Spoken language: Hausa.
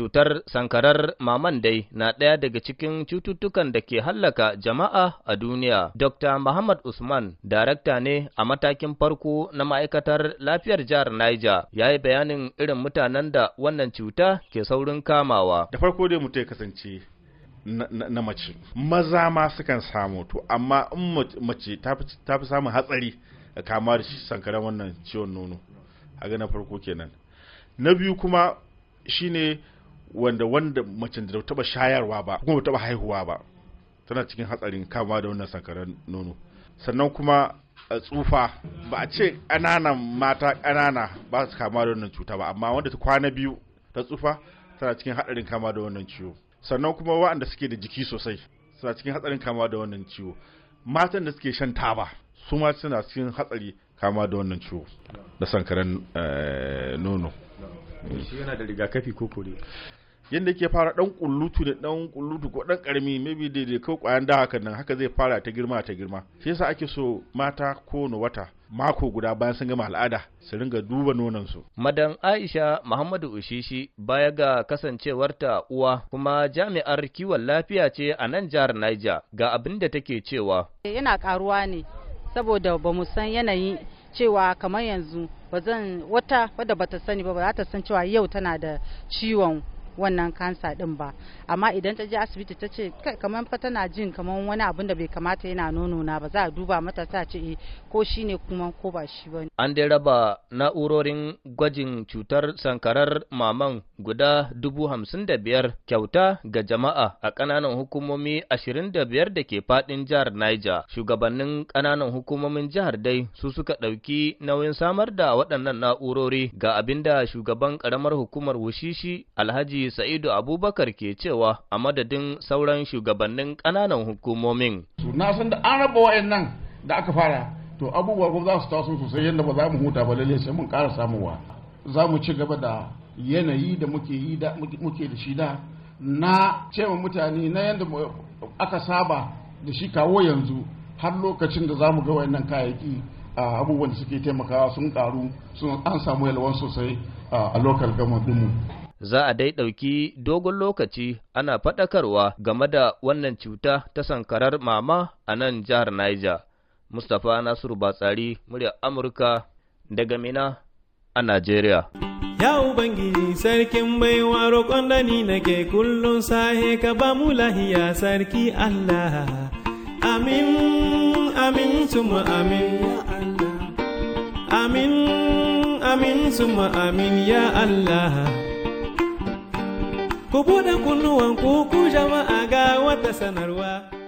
Cutar sankarar maman dai na ɗaya daga cikin cututtukan da ke hallaka jama'a a duniya. Dr. Muhammad Usman, darakta ne a matakin farko na ma'aikatar lafiyar jihar Niger, ya yi bayanin irin mutanen da wannan cuta ke saurin kamawa. Da farko dai mutum ya kasance na mace. Maza ma sukan samu to, amma in mace ta fi samun hatsari kamar da sankarar wannan ciwon nono. Haga na farko kenan. Na biyu kuma shine wanda wanda macen da taba shayarwa ba kuma ba taba haihuwa ba tana cikin hatsarin kama da wannan sankaran nono sannan kuma tsufa ba a ce ƙananan mata ƙanana ba su kama da wannan cuta ba amma wanda ta kwana biyu ta tsufa tana cikin hatsarin kama da wannan ciwo sannan kuma waɗanda suke da jiki sosai suna cikin hatsarin kama da wannan ciwo matan da suke shan taba su ma suna cikin hatsari kama da wannan ciwo da sankaran eh, nono shi yana da rigakafi ko kore yadda yake fara dan kullutu da dan kullutu ko dan karami maybe daidai ko kwayan da haka nan haka zai fara ta girma ta girma shi yasa ake so mata ko wata mako guda bayan sun gama al'ada su ringa duba nonon su. madan Aisha Muhammadu Ushishi baya ga kasancewarta uwa kuma jami'ar kiwon lafiya ce a nan jihar Niger ga abin da take cewa. Yana karuwa ne saboda ba mu san yanayi cewa kamar yanzu ba zan wata wadda bata sani ba ba za ta san cewa yau tana da ciwon wannan kansa din ba amma idan ta je asibiti ta ce kamar fa tana jin kamar wani abin da bai kamata yana nono na ba za a duba mata ta ce eh, ko shi ne kuma ko ba shi ba an dai raba na'urorin gwajin cutar sankarar maman guda dubu hamsin da biyar kyauta ga jama'a a kananan hukumomi ashirin da biyar da ke faɗin jihar Niger shugabannin kananan hukumomin jihar dai su suka ɗauki nauyin samar da waɗannan na'urori ga abinda shugaban ƙaramar hukumar Wushishi Alhaji Sa'idu Abubakar ke cewa a madadin sauran shugabannin ƙananan hukumomin. Na san da an raba wa'annan da aka fara to abubuwa ko za su taso sosai yadda ba za mu huta ba lalle sai mun ƙara samuwa. Za mu ci gaba da yanayi da muke yi da muke da shi da na cewa mutane na yadda aka saba da shi kawo yanzu har lokacin da za mu ga wayannan kayayyaki abubuwan da suke taimakawa sun karu sun an samu yalwan sosai a local government za a dai ɗauki dogon lokaci ana faɗakarwa game da wannan cuta ta sankarar mama a nan jihar Niger. Mustapha Nasiru Batsari, muryar Amurka daga Mina a Najeriya. Ya Ubangiji sarkin baiwa roƙon da ni nake kullum sahe ka ba mu lahiya sarki Allah. Amin, amin, tuma amin, Amin, amin, tuma amin, ya Allah. Ku buɗe kunnuwanku ku jama'a ga wata sanarwa.